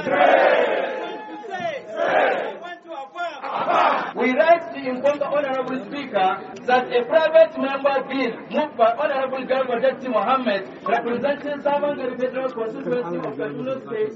We write to inform the Honorable Speaker that a private member bill moved by Honorable Governor Deputy Mohammed representing Sabon Federal Constituency of Kaduna State.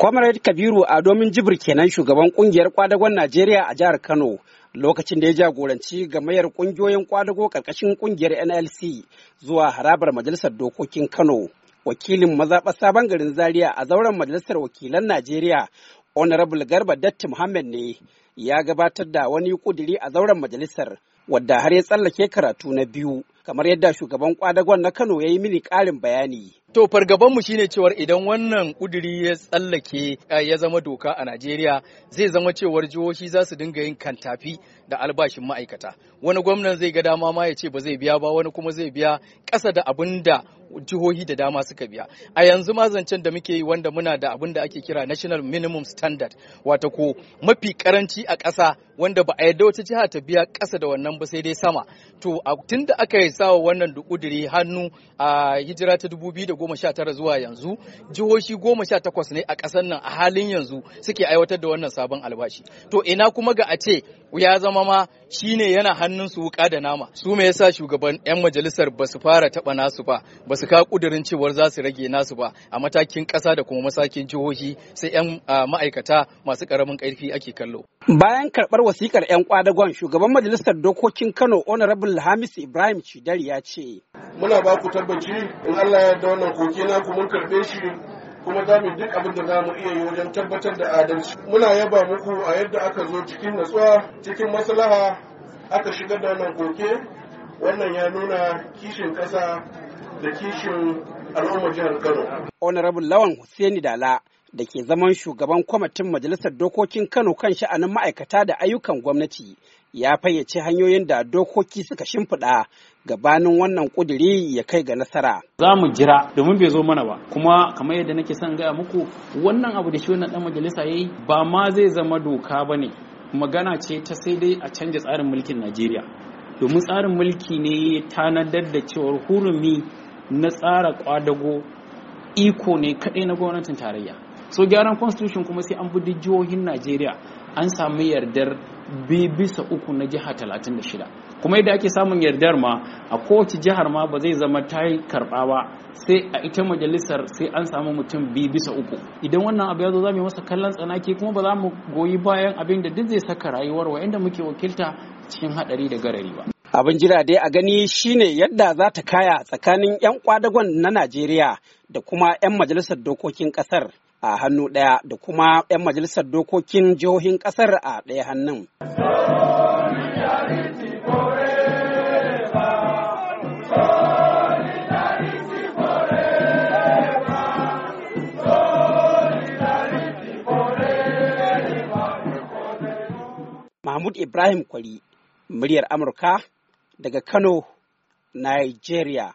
Comrade Kabiru Adomin Jibir kenan shugaban kungiyar kwadagon Najeriya a jihar Kano lokacin da ya jagoranci gamayar kungiyoyin kwadago karkashin kungiyar NLC zuwa harabar Majalisar Dokokin Kano. wakilin mazaɓa sabon garin zaria a zauren majalisar wakilan najeriya honorable garba datti muhammad ne ya gabatar da wani kuduri a zauren majalisar wadda har ya tsallake karatu na biyu kamar yadda shugaban kwadagon na kano ya yi mini ƙarin bayani To fargabanmu shine cewar idan wannan kuduri ya tsallake eh, ya zama doka a Najeriya zai zama cewar jihohi za su dinga yin kantafi da albashin ma'aikata. Wani gwamnan zai ga dama ma ya ce ba zai biya ba wani kuma zai biya ƙasa da abin da jihohi da dama suka biya. A yanzu ma zancen da muke yi wanda muna da abin da ake kira National Minimum Standard wato ko mafi karanci a ƙasa wanda ba a yarda wata jiha ta biya ƙasa da wannan ba sai dai sama. To tunda aka yi sawa wannan kuduri hannu a hijira ta dubu biyu goma sha tara zuwa yanzu jihohi goma sha takwas ne a ƙasar nan a halin yanzu suke aiwatar da wannan sabon albashi to ina kuma ga a ce ya zama ma shine yana hannun su wuka da nama su me yasa shugaban yan majalisar ba su fara taba nasu ba ba su ka kudirin cewar za su rage nasu ba a matakin ƙasa da kuma masakin jihohi sai yan ma'aikata masu karamin karfi ake kallo bayan karɓar wasikar yan kwadagon shugaban majalisar dokokin Kano honorable Hamis Ibrahim Chidari ya ce muna ba ku tabbaci in Allah ya yarda wannan koke na ku karbe shi kuma za mu duk abin da za mu iya yi wajen tabbatar da adalci muna yaba muku a yadda aka zo cikin natsuwa cikin maslaha aka shigar da wannan koke wannan ya nuna kishin ƙasa da kishin al'ummar jihar kano honorable lawan hussaini dala da ke zaman shugaban kwamitin Majalisar Dokokin Kano kan sha'anin ma'aikata da ayyukan gwamnati ya fayyace hanyoyin da dokoki suka shimfiɗa gabanin wannan ƙudiri ya kai ga nasara. Za mu jira domin bai zo mana ba kuma kamar yadda nake son gaya muku wannan abu da shi wannan ɗan majalisa ya yi ba ma zai zama doka ba ne magana ce ta sai dai a canja tsarin mulkin Najeriya. Domin tsarin mulki ne ya tanadar da cewar hurumi na tsara kwadago iko ne kaɗai na gwamnatin tarayya. so gyaran constitution kuma sai an bi jihohin najeriya an sami yardar bibisa bisa uku na jiha 36 kuma yadda ake samun yardar ma a kowace jihar ma ba zai zama ta yi karɓa ba sai a ita majalisar sai an samu mutum bibisa bisa uku idan wannan abu ya zo za mu yi masa kallon tsanaki kuma ba za mu goyi bayan abin da duk zai saka rayuwar wa'anda muke wakilta cikin haɗari da garari ba Abin jira dai a gani shine yadda za ta kaya tsakanin 'yan kwadagon na Najeriya da kuma 'yan majalisar dokokin ƙasar. a hannu ɗaya da kuma 'yan majalisar dokokin jihohin ƙasar a ɗaya hannun. Mahmud Ibrahim Kwari, muryar Amurka daga Kano, Nigeria.